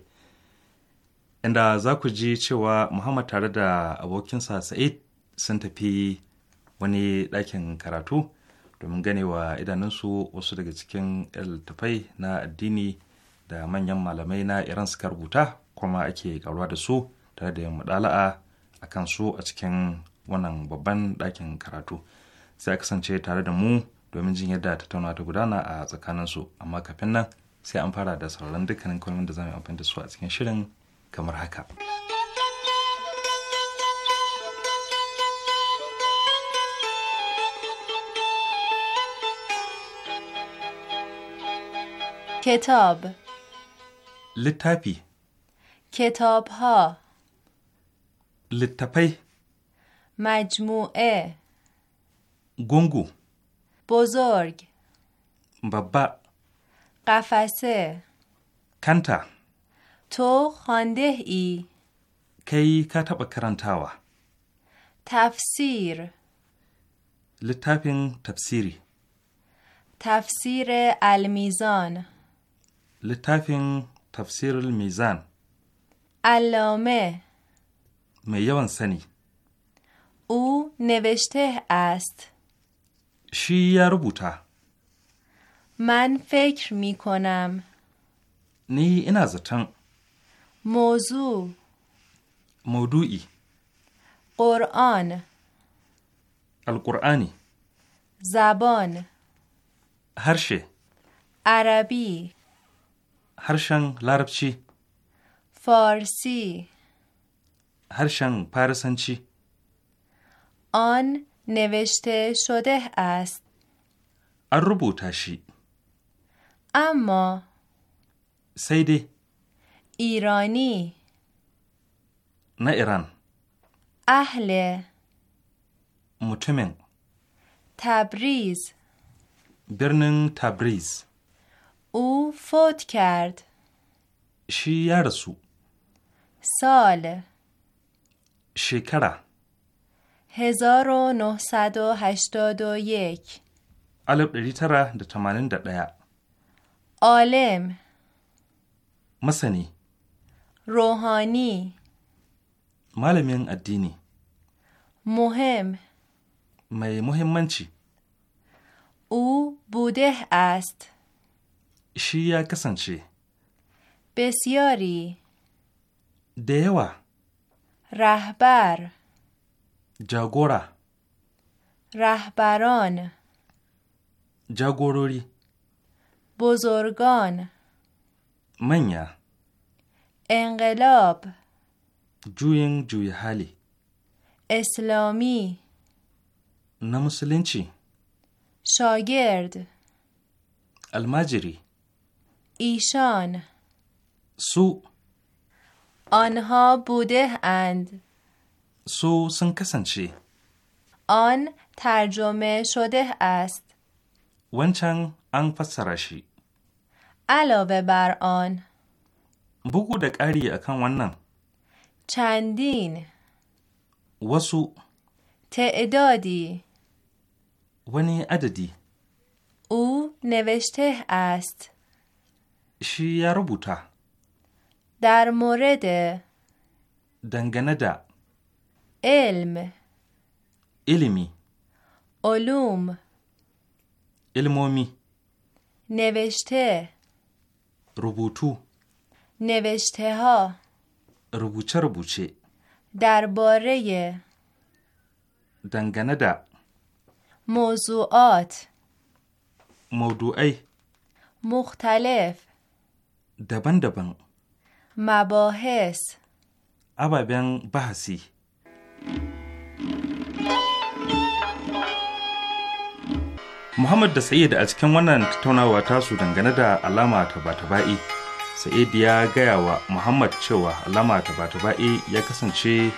inda za ku ji cewa Muhammad tare da abokinsa Sa'id sun tafi wani ɗakin karatu domin ganewa idanunsu wasu daga cikin littattafai na addini da manyan malamai na Iran suka rubuta kuma ake karuwa da su tare da mudala'a a kan su a cikin wannan babban ɗakin karatu sai kasance tare da mu domin jin yadda tattaunawa ta gudana a tsakaninsu amma kafin nan sai an fara da sauran dukkanin kwanan da za mu amfani da su a cikin shirin kamar haka. کتاب لطفی کتاب ها لطفی مجموعه گنگو بزرگ بابا قفسه کنتا تو خانده ای کی کتاب taɓa تفسیر littafin تفسیری. تفسیر المیزان littafin تفسیر المیزان علامه میوان سنی. او نوشته است شی یا من فکر می کنم نی از موضوع موضوعی قرآن القرآنی زبان هرشه عربی هرشن لاربچی فارسی هرشن پارسنچی آن نوشته شده است الربوتاشی اما سیده ایرانی نه ایران اهل متمن تبریز برنن تبریز او فوت کرد شی سال شکره 1981 1981 عالم مسنی روحانی معلمین ادینی مهم می چی؟ او بوده است شی یا بسیاری دیوا رهبر جاگورا رهبران جاگوروری بزرگان منیا انقلاب جوینگ جوی حالی اسلامی نمسلینچی شاگرد المجری ایشان سو آنها بوده اند سو سنکسنچی آن ترجمه شده است ونچنگ ان علاوه بر آن bugu da ƙari akan wannan candin wasu ta'idodi wani adadi u neveshte ast shi ya rubuta dar morede dangane da ilm ilimi olum ilmomi neveshte rubutu نوشته ها روبوچه روبوچه درباره دنگنه دا موضوعات موضوعی مختلف دبن دبن مباحث ابابن بحثی Muhammad da Sa'id a cikin wannan tattaunawa tasu dangane da alama ta bata ba'i sa'id ya gaya wa muhammad cewa alama taba-taba'i ya kasance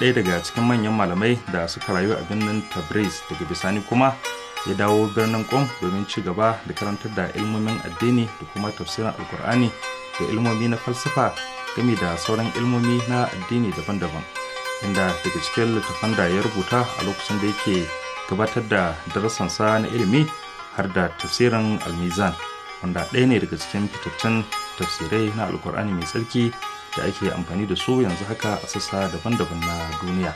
ɗaya daga cikin manyan malamai da suka rayu a birnin tabriz daga bisani kuma ya dawo birnin ƙom domin ci gaba da karantar da ilmomin addini da kuma tafsirin alkur'ani da ilmomi na falsafa gami da sauran ilmomi na addini daban-daban inda daga cikin littattafan da ya rubuta a lokacin da yake gabatar da darasansa na ilimi har da tafsirin almizan wanda ɗaya ne daga cikin fitattun tafsirai na alkur'ani mai tsarki da ake amfani da su yanzu haka a sassa daban-daban na duniya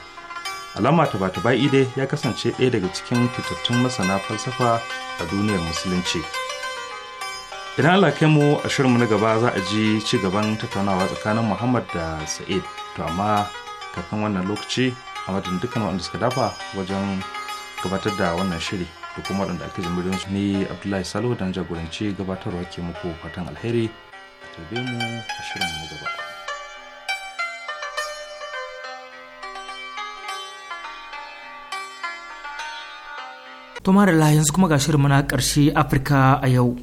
alama ta ba'i dai ya kasance ɗaya daga cikin fitattun masana falsafa a duniyar musulunci idan allah kai mu a shirinmu na gaba za a ji ci gaban tattaunawa tsakanin muhammad da sa'id to amma kafin wannan lokaci a madadin dukkan waɗanda suka dafa wajen gabatar da wannan shiri da kuma waɗanda ake jimirin su ne abdullahi salo dan jagoranci gabatarwa ke muku fatan alheri a tabe mu a shirin mu gaba da mara su kuma ga shirin mana ƙarshe Afirka a yau.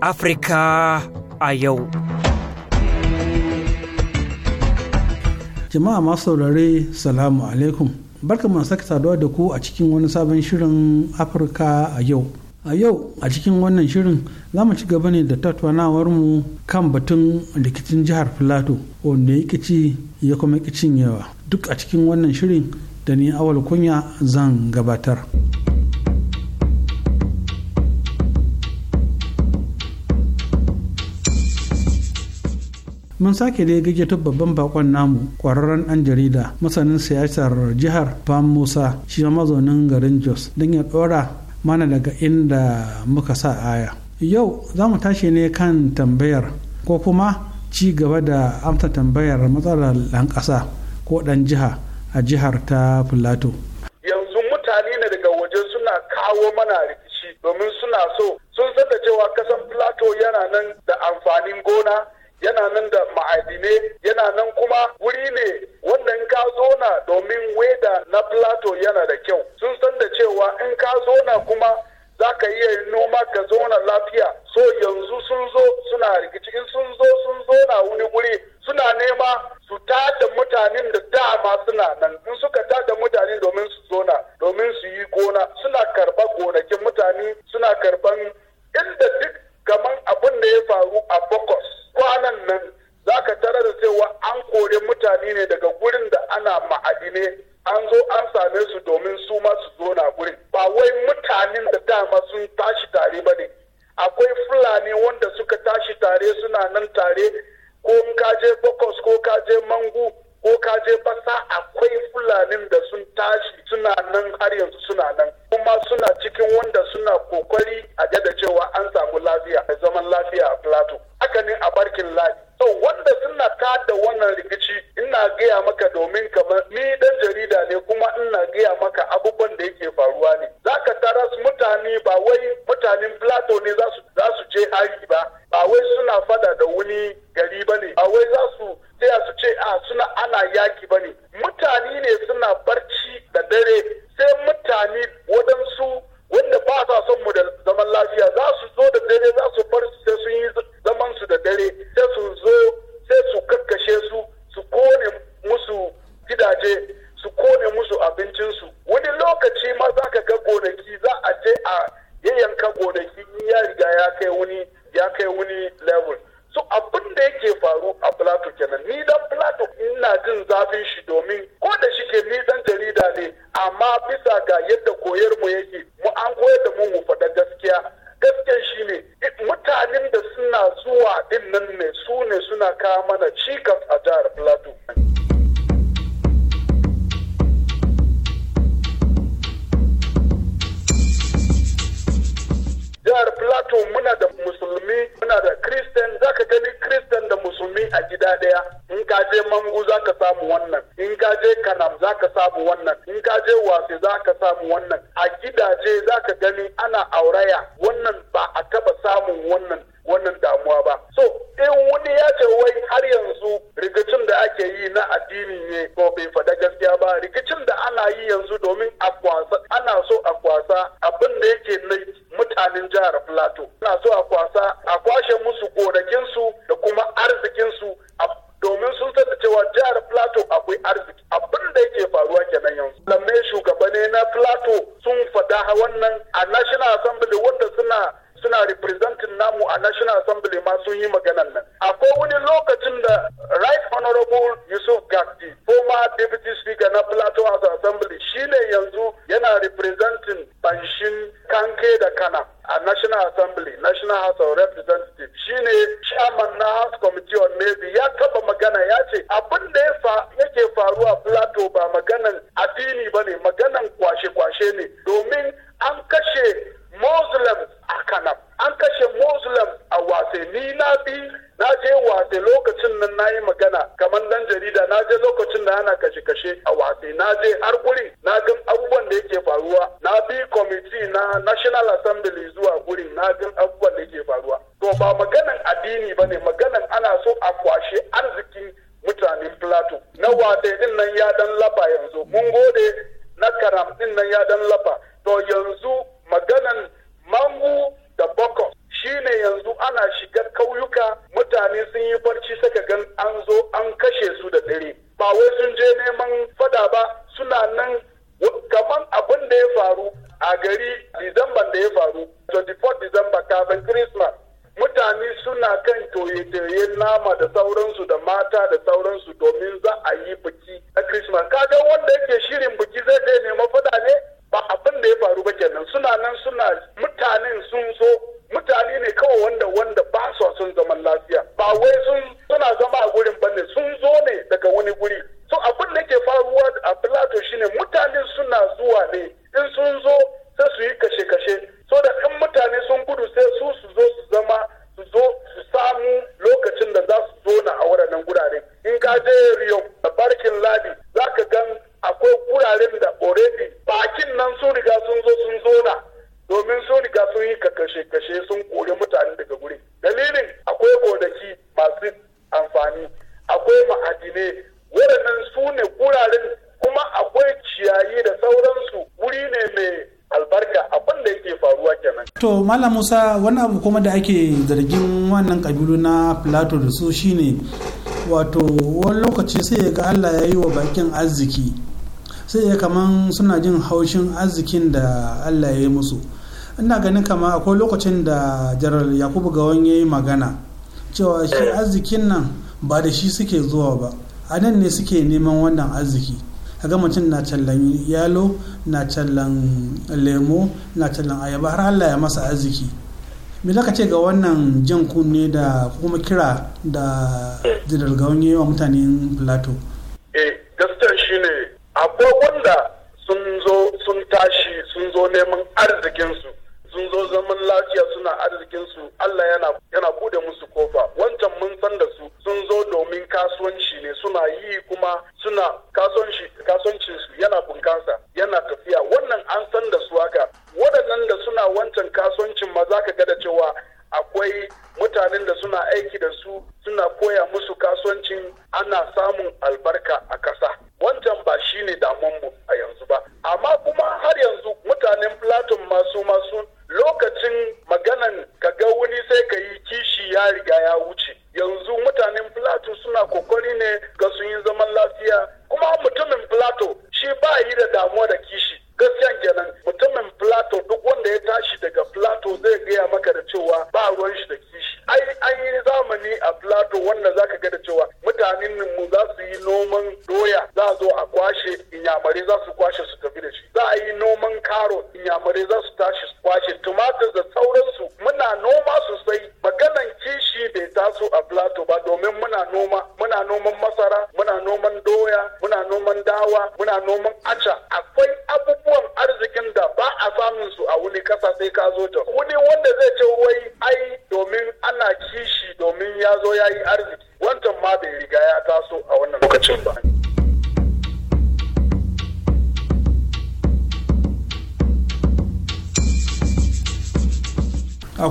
Afirka a yau. jama'a masu saurare salamu alaikum barka mu sake saduwa da ku a cikin wani sabon shirin afirka a yau a yau a cikin wannan shirin za mu ci gaba ne da tattaunawar mu kan batun rikicin jihar filato wanda ya kici ya kuma yawa duk a cikin wannan shirin da ni awal kunya zan gabatar. mun sake da gage ta babban bakon namu kwararren dan jarida masanin siyasar jihar Pam Musa shi mazaunin garin Jos don ya dora mana daga inda muka sa aya. Yau za mu tashi ne kan tambayar ko kuma ci gaba da amsa tambayar matsalar ɗan ƙasa ko ɗan jiha a jihar ta Filato. Yanzu mutane ne daga waje suna kawo mana rikici domin suna so sun san da cewa kasan Filato yana nan da amfanin gona yana nan da ma'adinai yana nan kuma wuri ne wanda in ka na domin weda na plato yana da kyau sun san da cewa in ka na kuma za ka iya noma ka na lafiya so yanzu sun zo suna rikici in sun zo sun na wani wuri suna nema su ta da mutanen da dama suna nan in suka ta da mutane domin su na domin su yi gona suna karban gonakin mutane suna karban inda duk kamar abin da ya faru a bokos kwanan nan za ka tare da cewa an kore mutane ne daga gurin da ana ma'adine an zo an same su domin su ma su zona gurin ba wai mutanen da dama sun tashi tare ba ne akwai fulani wanda suka tashi tare suna nan tare ko in kaje bokos ko kaje mangu ko ka je fasa, akwai fulanin da sun tashi suna nan har yanzu suna nan kuma suna cikin wanda suna kokari a da cewa an samu lafiya a zaman lafiya a plateau haka ne a barkin ladi to wanda suna ta da wannan rikici ina gaya maka domin kamar ni dan jarida ne kuma ina gaya maka abubuwan da yake faruwa ne zaka tara su mutane ba wai mutanen plateau ne za su je hari ba ba wai suna fada da wani na plateau sun faɗa wannan a national assembly wanda suna suna representing namu a National Assembly ma sun yi maganan nan. Akwai wani lokacin da Right Honorable Yusuf Gakti, former Deputy Speaker na Plateau House Assembly, shine yanzu yana representing Banshin Kanke da Kana a National Assembly, National House of Representatives. Shine chairman na House Committee on Navy ya taba magana ya ce abin da yake faruwa Plateau ba maganan addini ba ne, maganan kwashe-kwashe ne domin an kashe muslim a kanan an kashe muslim a wasai ni na bi na je wasa lokacin nan na yi magana kamar dan jarida na je lokacin da ana kashe-kashe a wasa na je har guri na gan abubuwan da yake faruwa na bi kwamiti na national assembly zuwa guri na gan abubuwan da yake faruwa to ba maganan addini ba ne maganan ana so a kwashe arzikin mutanen plato na wasai din nan ya dan laba yanzu mun gode na karam din nan ya dan laba to yanzu maganan mangu da bokos shine yanzu ana shiga kauyuka mutane sun yi barci saka gan an zo an kashe su da dare ba wai sun je neman fada ba suna nan kamar abin da ya faru a gari disamban da ya faru 24 disamba kafin christmas mutane suna kan toye-toye nama da sauransu da mata da sauransu domin za a yi biki na christmas kaga wanda yake shirin biki zai je nema fada ne ba abin da ya faru ba kenan suna nan suna mutanen sun zo mutane ne kawai wanda wanda ba su sun zaman lafiya ba wai sun suna zama a gurin ne, sun zo ne daga wani guri so abin da ke faruwa a plato shine mutane suna zuwa ne in sun zo sai su yi kashe-kashe so da in mutane sun gudu sai su su zo su zama su zo su samu lokacin da za su zo na a wuraren gurare in ka je riyo malam musa wani abu kuma da ake zargin wannan kabilu na plato da su shine wato wani lokaci sai ga allah ya yi wa bakin arziki sai ya kaman suna jin haushin arzikin da allah ya yi musu ina ganin kama akwai lokacin da jarar yakubu ga ya yi magana cewa shi arzikin nan ba da shi suke zuwa ba a nan ne suke neman wannan arziki a mutum na yalo na tallan lemo na tallan ayaba har Allah ya masa arziki me zaka ce ga wannan jan kunne da kuma kira da jidar yi wa mutanen plateau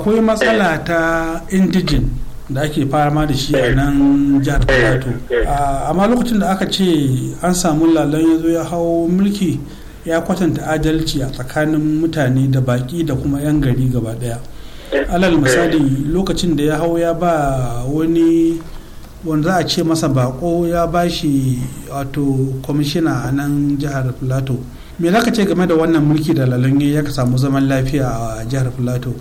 akwai matsala eh. ta indijin da ake fama da shi a eh. nan jihar eh. plateau ah, amma lokacin da aka ce an samu lalon ya zo ya hau mulki ya kwatanta adalci a tsakanin mutane da baki da kuma 'yan gari gaba daya alal misali lokacin da ya hau ya ba wani wanda za a ce masa bako ya ba shi wato kwamishina a nan jihar plateau me za ka ce game da wannan mulki da lalon ya samu zaman lafiya a jihar plateau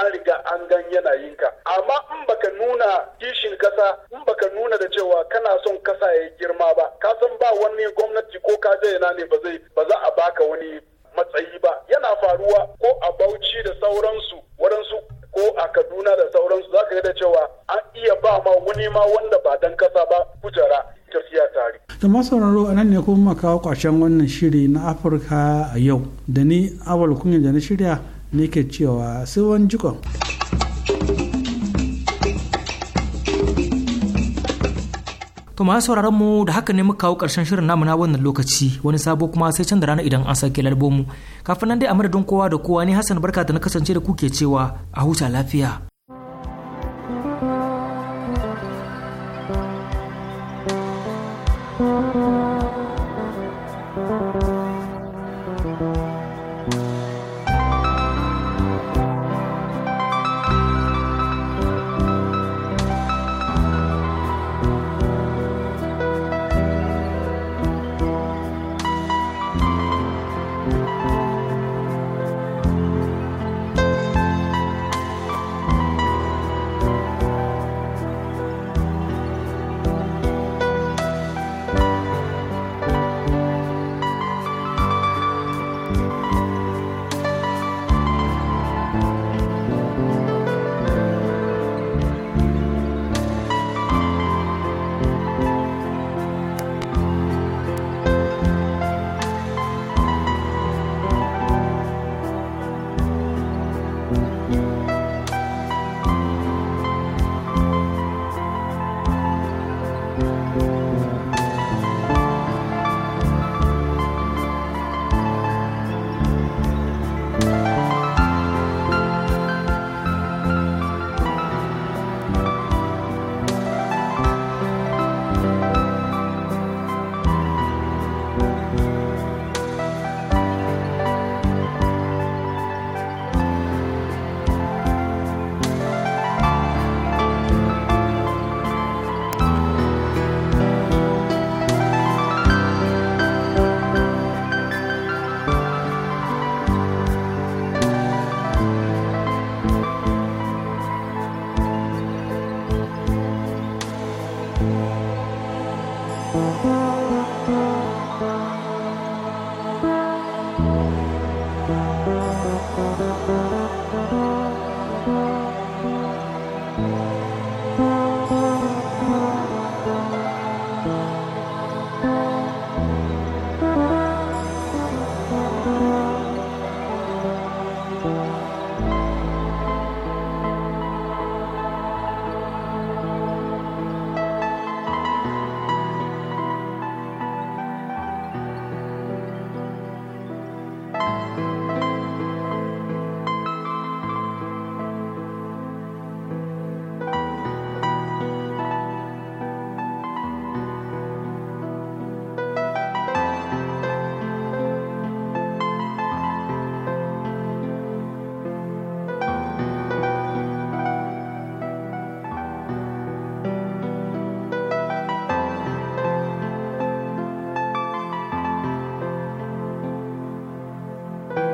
an riga an gan yanayin ka amma in baka nuna kishin kasa in baka nuna da cewa kana son kasa ya girma ba ka san ba wani gwamnati ko ka je yana ne ba zai ba za a baka wani matsayi ba yana faruwa ko a Bauchi da sauransu waɗansu ko a Kaduna da sauransu za ka ga da cewa an iya ba ma wani ma wanda ba dan kasa ba kujera tafiya tare. masu sauraro a nan ne kuma kawo ƙwashen wannan shiri na Afirka a yau da ni awal kunya da na shirya ke cewa sai wani jikon To masu sauraron mu da haka ne muka kawo ƙarshen shirin namu na wannan lokaci wani sabo kuma sai can da rana idan an sake lalbomu. Kafin nan dai a madadin kowa da kowa ne Hassan barka da na kasance da kuke cewa a huta lafiya.